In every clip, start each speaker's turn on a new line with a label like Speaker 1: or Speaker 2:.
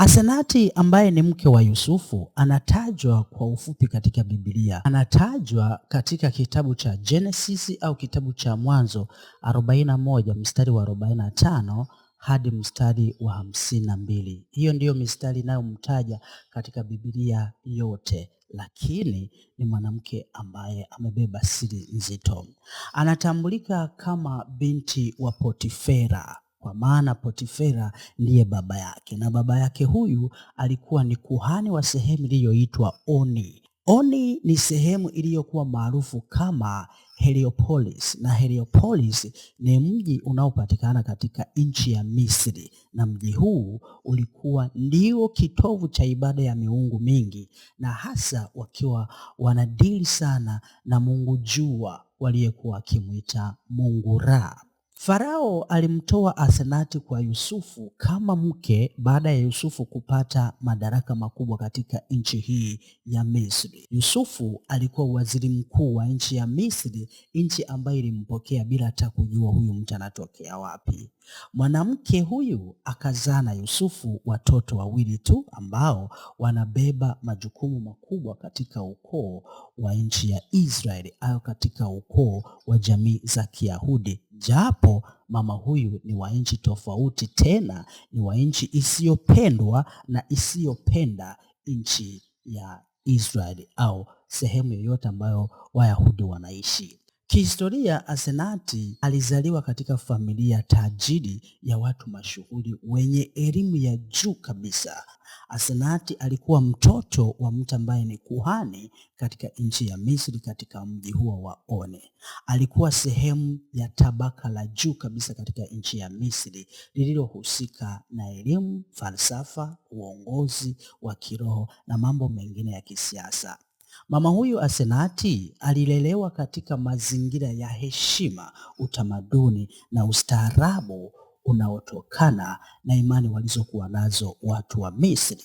Speaker 1: Asenati ambaye ni mke wa Yusufu anatajwa kwa ufupi katika Biblia. Anatajwa katika kitabu cha Genesis au kitabu cha Mwanzo 41 mstari wa 45 hadi mstari wa hamsini na mbili. Hiyo ndiyo mistari inayomtaja katika Biblia yote, lakini ni mwanamke ambaye amebeba siri nzito. Anatambulika kama binti wa Potifera kwa maana Potifera ndiye baba yake, na baba yake huyu alikuwa ni kuhani wa sehemu iliyoitwa Oni. Oni ni sehemu iliyokuwa maarufu kama Heliopolis, na Heliopolis ni mji unaopatikana katika nchi ya Misri, na mji huu ulikuwa ndio kitovu cha ibada ya miungu mingi, na hasa wakiwa wanadili sana na mungu jua waliyekuwa wakimwita mungu Ra. Farao alimtoa Asenati kwa Yusufu kama mke baada ya Yusufu kupata madaraka makubwa katika nchi hii ya Misri. Yusufu alikuwa waziri mkuu wa nchi ya Misri, nchi ambayo ilimpokea bila hata kujua huyu mtu anatokea wapi. Mwanamke huyu akazaa na Yusufu watoto wawili tu ambao wanabeba majukumu makubwa katika ukoo wa nchi ya Israeli au katika ukoo wa jamii za Kiyahudi, japo mama huyu ni wa nchi tofauti, tena ni wa nchi isiyopendwa na isiyopenda nchi ya Israeli au sehemu yoyote ambayo Wayahudi wanaishi. Kihistoria, Asenati alizaliwa katika familia tajiri ya watu mashuhuri wenye elimu ya juu kabisa. Asenati alikuwa mtoto wa mtu ambaye ni kuhani katika nchi ya Misri, katika mji huo wa One. Alikuwa sehemu ya tabaka la juu kabisa katika nchi ya Misri lililohusika na elimu, falsafa, uongozi wa kiroho na mambo mengine ya kisiasa. Mama huyu Asenati alilelewa katika mazingira ya heshima, utamaduni na ustaarabu unaotokana na imani walizokuwa nazo watu wa Misri.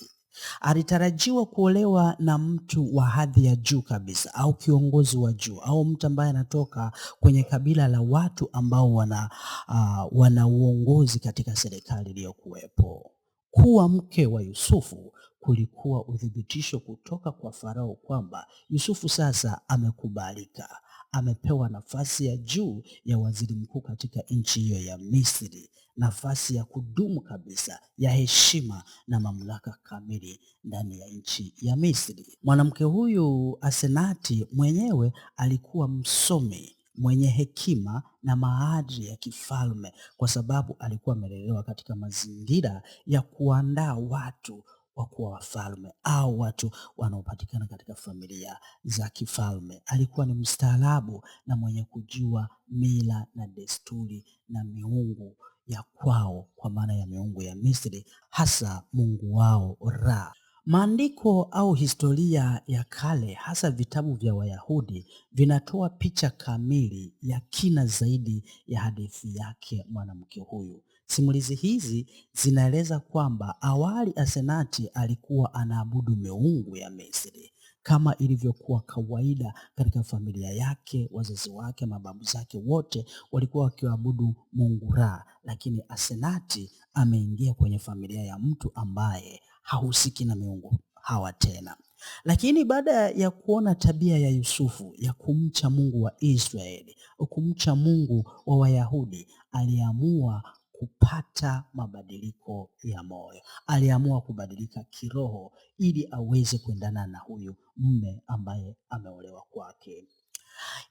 Speaker 1: Alitarajiwa kuolewa na mtu wa hadhi ya juu kabisa au kiongozi wa juu au mtu ambaye anatoka kwenye kabila la watu ambao wana, uh, wana uongozi katika serikali iliyokuwepo. Kuwa mke wa Yusufu kulikuwa uthibitisho kutoka kwa Farao kwamba Yusufu sasa amekubalika, amepewa nafasi ya juu ya waziri mkuu katika nchi hiyo ya Misri, nafasi ya kudumu kabisa ya heshima na mamlaka kamili ndani ya nchi ya Misri. Mwanamke huyu Asenati mwenyewe alikuwa msomi mwenye hekima na maadili ya kifalme, kwa sababu alikuwa amelelewa katika mazingira ya kuandaa watu wa kuwa wafalme au watu wanaopatikana katika familia za kifalme. Alikuwa ni mstaarabu na mwenye kujua mila na desturi na miungu ya kwao, kwa maana ya miungu ya Misri, hasa mungu wao Ra. Maandiko au historia ya kale hasa vitabu vya Wayahudi vinatoa picha kamili ya kina zaidi ya hadithi yake mwanamke huyu. Simulizi hizi zinaeleza kwamba awali Asenati alikuwa anaabudu miungu ya Misri kama ilivyokuwa kawaida katika familia yake. Wazazi wake, mababu zake, wote walikuwa wakiabudu mungu Ra, lakini Asenati ameingia kwenye familia ya mtu ambaye hahusiki na miungu hawa tena. Lakini baada ya kuona tabia ya Yusufu ya kumcha Mungu wa Israeli, kumcha Mungu wa Wayahudi, aliamua kupata mabadiliko ya moyo, aliamua kubadilika kiroho ili aweze kuendana na huyu mme ambaye ameolewa kwake.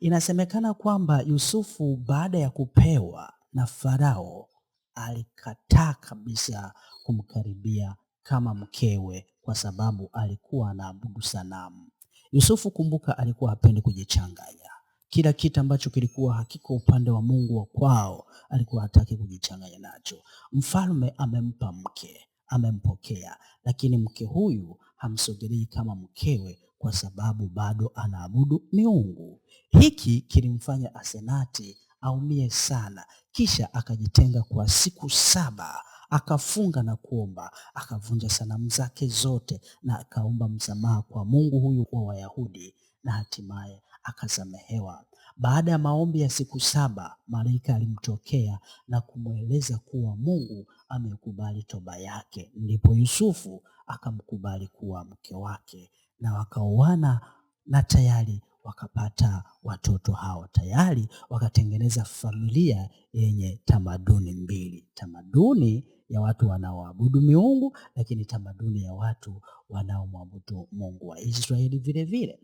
Speaker 1: Inasemekana kwamba Yusufu baada ya kupewa na Farao alikataa kabisa kumkaribia kama mkewe kwa sababu alikuwa anaabudu sanamu. Yusufu, kumbuka, alikuwa hapendi kujichanganya. Kila kitu ambacho kilikuwa hakiko upande wa Mungu wa kwao alikuwa hataki kujichanganya nacho. Mfalme amempa mke, amempokea, lakini mke huyu hamsogelei kama mkewe kwa sababu bado anaabudu miungu. Hiki kilimfanya Asenati aumie sana, kisha akajitenga kwa siku saba akafunga na kuomba, akavunja sanamu zake zote na akaomba msamaha kwa Mungu huyu wa Wayahudi na hatimaye akasamehewa. Baada ya maombi ya siku saba, malaika alimtokea na kumweleza kuwa Mungu amekubali toba yake. Ndipo Yusufu akamkubali kuwa mke wake na wakaoana, na tayari wakapata watoto hao. Tayari wakatengeneza familia yenye tamaduni mbili, tamaduni ya watu wanaoabudu miungu, lakini tamaduni ya watu wanaomwabudu Mungu wa Israeli vile vile.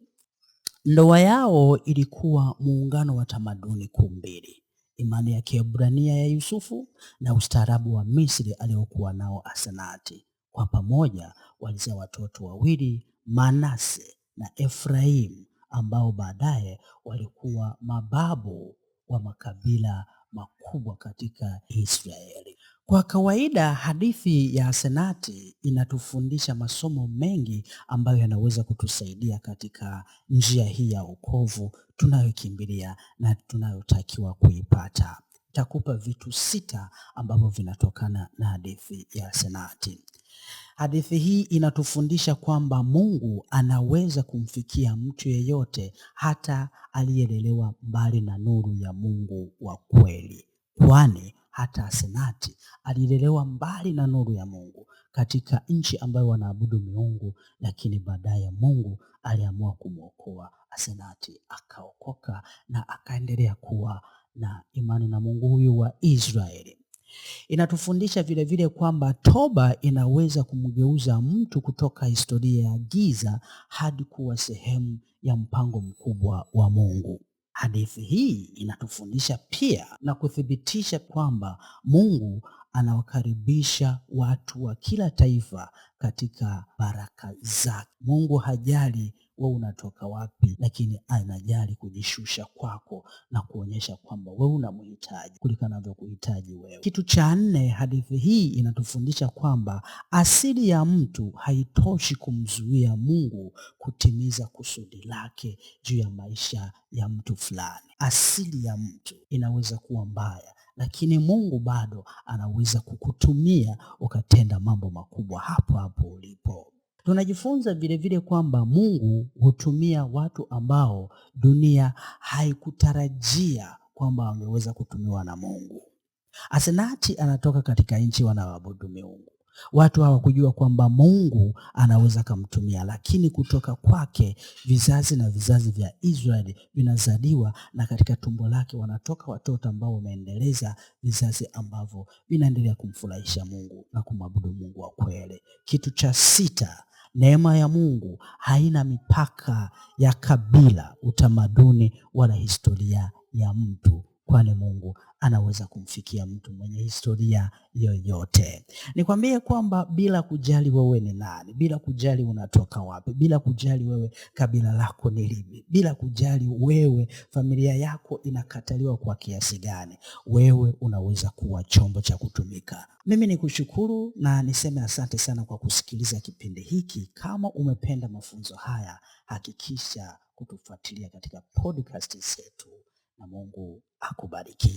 Speaker 1: Ndoa yao ilikuwa muungano wa tamaduni kuu mbili, imani ya Kiebrania ya Yusufu na ustaarabu wa Misri aliyokuwa nao Asenati. Kwa pamoja walizaa watoto wawili, Manase na efraim ambao baadaye walikuwa mababu wa makabila makubwa katika Israeli. Kwa kawaida hadithi ya Senati inatufundisha masomo mengi ambayo yanaweza kutusaidia katika njia hii ya wokovu tunayokimbilia na tunayotakiwa kuipata. Takupa vitu sita ambavyo vinatokana na hadithi ya Senati. Hadithi hii inatufundisha kwamba Mungu anaweza kumfikia mtu yeyote, hata aliyelelewa mbali na nuru ya Mungu wa kweli, kwani hata Asenati alilelewa mbali na nuru ya Mungu katika nchi ambayo wanaabudu miungu, lakini baadaye Mungu aliamua kumwokoa Asenati, akaokoka na akaendelea kuwa na imani na Mungu huyu wa Israeli. Inatufundisha vilevile kwamba toba inaweza kumgeuza mtu kutoka historia ya giza hadi kuwa sehemu ya mpango mkubwa wa Mungu. Hadithi hii inatufundisha pia na kuthibitisha kwamba Mungu anawakaribisha watu wa kila taifa katika baraka zake. Mungu hajali wewe unatoka wapi, lakini anajali kujishusha kwako na kuonyesha kwamba wewe unamhitaji kuliko anavyokuhitaji wewe. Kitu cha nne, hadithi hii inatufundisha kwamba asili ya mtu haitoshi kumzuia Mungu kutimiza kusudi lake juu ya maisha ya mtu fulani. Asili ya mtu inaweza kuwa mbaya lakini Mungu bado anaweza kukutumia ukatenda mambo makubwa hapo hapo ulipo. Tunajifunza vilevile kwamba Mungu hutumia watu ambao dunia haikutarajia kwamba wangeweza kutumiwa na Mungu. Asenati anatoka katika nchi wanaoabudu miungu. Watu hawakujua kwamba Mungu anaweza akamtumia, lakini kutoka kwake vizazi na vizazi vya Israeli vinazaliwa, na katika tumbo lake wanatoka watoto ambao wameendeleza vizazi ambavyo vinaendelea kumfurahisha Mungu na kumwabudu Mungu wa kweli. Kitu cha sita, neema ya Mungu haina mipaka ya kabila, utamaduni wala historia ya mtu kwani Mungu anaweza kumfikia mtu mwenye historia yoyote. Nikwambie kwamba bila kujali wewe ni nani, bila kujali unatoka wapi, bila kujali wewe kabila lako ni lipi, bila kujali wewe familia yako inakataliwa kwa kiasi gani, wewe unaweza kuwa chombo cha kutumika. Mimi ni kushukuru na niseme asante sana kwa kusikiliza kipindi hiki. Kama umependa mafunzo haya, hakikisha kutufuatilia katika podcast zetu na Mungu akubariki.